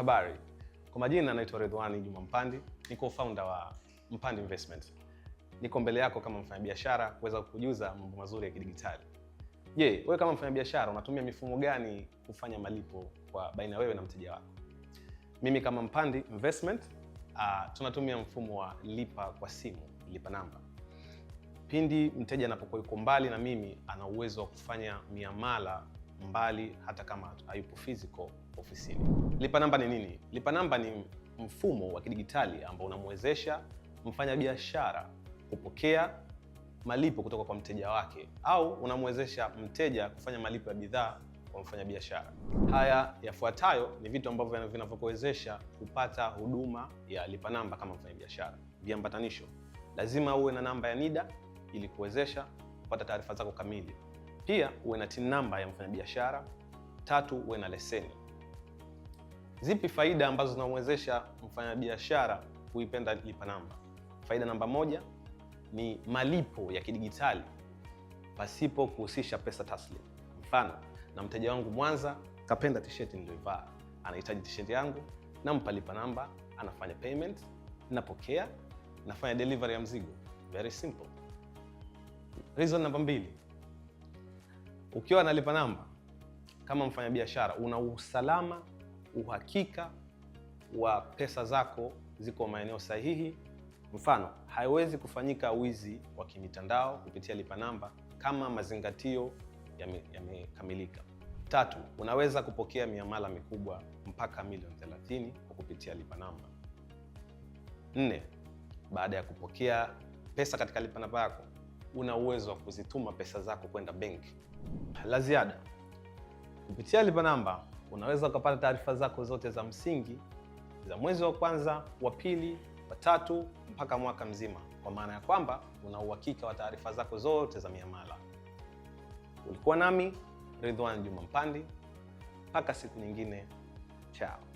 Habari, kwa majina naitwa Redwani Juma Mpandi, niko founder wa Mpandi Investment. Niko mbele yako kama mfanyabiashara kuweza kukujuza mambo mazuri ya kidigitali. Je, wewe kama mfanyabiashara unatumia mifumo gani kufanya malipo kwa baina wewe na mteja wako? Mimi kama Mpandi Investment uh, ah, tunatumia mfumo wa lipa kwa simu, lipa namba. Pindi mteja anapokuwa yuko mbali na mimi, ana uwezo wa kufanya miamala mbali hata kama hayupo physical ofisini. Lipa namba ni nini? Lipa namba ni mfumo wa kidigitali ambao unamwezesha mfanyabiashara kupokea malipo kutoka kwa mteja wake au unamwezesha mteja kufanya malipo ya bidhaa kwa mfanyabiashara. Haya yafuatayo ni vitu ambavyo vinavyokuwezesha kupata huduma ya lipa namba kama mfanyabiashara. Viambatanisho: lazima uwe na namba ya NIDA ili kuwezesha kupata taarifa zako kamili. Pia uwe na TIN namba ya mfanyabiashara. Tatu, uwe na leseni. Zipi faida ambazo zinamwezesha mfanyabiashara kuipenda Lipa Namba? Faida namba moja ni malipo ya kidigitali pasipo kuhusisha pesa taslim. Mfano, na mteja wangu Mwanza kapenda tisheti niliyovaa, anahitaji tisheti yangu, nampa Lipa Namba, anafanya payment, napokea, nafanya delivery ya mzigo. Very simple. Reason namba mbili ukiwa na lipa namba kama mfanyabiashara, una usalama, uhakika wa pesa zako ziko maeneo sahihi. Mfano, haiwezi kufanyika wizi wa kimitandao kupitia lipa namba kama mazingatio yamekamilika. Tatu, unaweza kupokea miamala mikubwa mpaka milioni 30 kwa kupitia lipa namba. Nne, baada ya kupokea pesa katika lipa namba yako una uwezo wa kuzituma pesa zako kwenda benki. La ziada, kupitia Lipa Namba unaweza ukapata taarifa zako zote za msingi za mwezi wa kwanza, wa pili, wa tatu mpaka mwaka mzima, kwa maana ya kwamba una uhakika wa taarifa zako zote za miamala. Ulikuwa nami Ridwan Juma Mpandi, mpaka siku nyingine, chao.